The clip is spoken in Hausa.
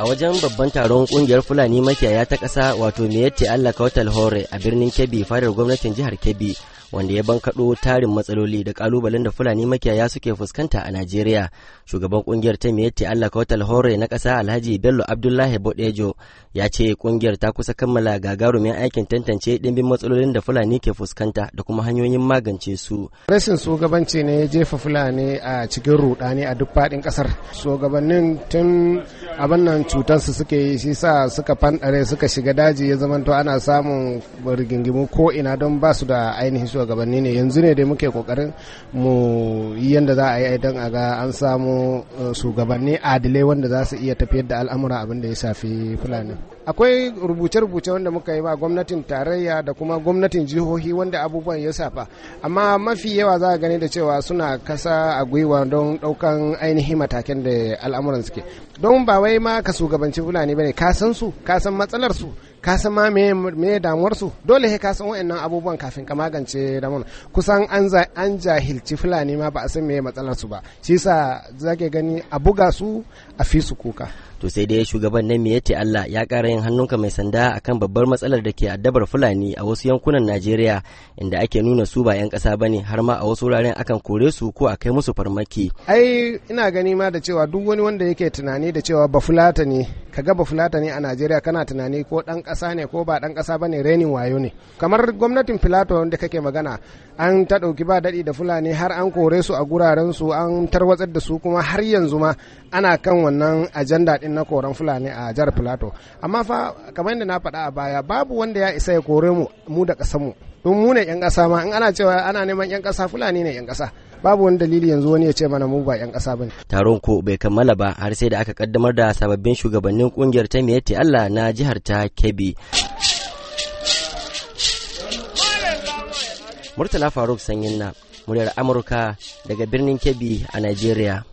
a wajen babban taron kungiyar fulani makiyaya ta ƙasa wato miyatti allah kautal hore a birnin kebbi fadar gwamnatin jihar kebbi wanda ya bankaɗo tarin matsaloli da ƙalubalen da fulani makiyaya suke fuskanta a najeriya shugaban kungiyar ta miyatti allah kautal hore na ƙasa alhaji bello abdullahi bodejo ya ce kungiyar ta kusa kammala gagarumin aikin tantance dimbin matsalolin da fulani ke fuskanta da kuma hanyoyin magance su rashin shugabanci ne ya jefa fulani a cikin rudani a duk faɗin ƙasar shugabannin tun abin nan cutarsu suke yi shi sa suka fanɗare suka shiga daji ya zamanta ana samun rigingimu ko ina don ba su da ainihin shugabanni ne yanzu ne dai muke kokarin mu yi yadda za a yi don a ga an samu eh, shugabanni adilai wanda za su iya tafiyar da al'amura abin da ya shafi fulani akwai rubuce-rubuce wanda muka yi ba gwamnatin tarayya da kuma gwamnatin jihohi wanda abubuwan ya safa amma mafi yawa za a gani da cewa suna kasa a gwiwa don daukan ainihin matakin da al'amuran suke don ba wai ma ka shugabanci fulani ba ne ka san su ka san matsalar su ka san ma me damuwar su dole he ka san wayannan abubuwan kafin ka magance mun kusan an an jahilci fulani ma ba a san me matsalar su ba shi yasa zake gani a buga su a fi su kuka to sai dai shugaban na ce Allah ya ƙara yin hannunka mai sanda akan babbar matsalar da ke addabar Fulani a wasu yankunan Najeriya inda ake nuna su ba 'yan ƙasa bane har ma a wasu wuraren akan kore su ko a kai musu farmaki. Ai ina gani ma da cewa duk wani wanda yake tunani da cewa bafulata ne ka ga bafulata ne a Najeriya kana tunani ko dan ƙasa ne ko ba ɗan ƙasa bane renin wayo ne. Kamar gwamnatin Filato wanda kake magana an ta ɗauki ba daɗi da Fulani har an kore su a guraren su an tarwatsar da su kuma har yanzu ma ana kan wannan ajanda ɗin in na koran fulani a jihar filato amma fa kamar yadda na faɗa a baya babu wanda ya isa ya kore mu mu da ƙasar mu don mu ne 'yan ƙasa ma in ana cewa ana neman 'yan ƙasa fulani ne 'yan ƙasa babu wani dalili yanzu wani ya ce mana mu ba 'yan ƙasa bane taron ko bai kammala ba har sai da aka kaddamar da sababbin shugabannin kungiyar ta miyatti Allah na jihar ta Kebbi Murtala Faruk Sanyin na muryar Amurka daga birnin Kebbi a Najeriya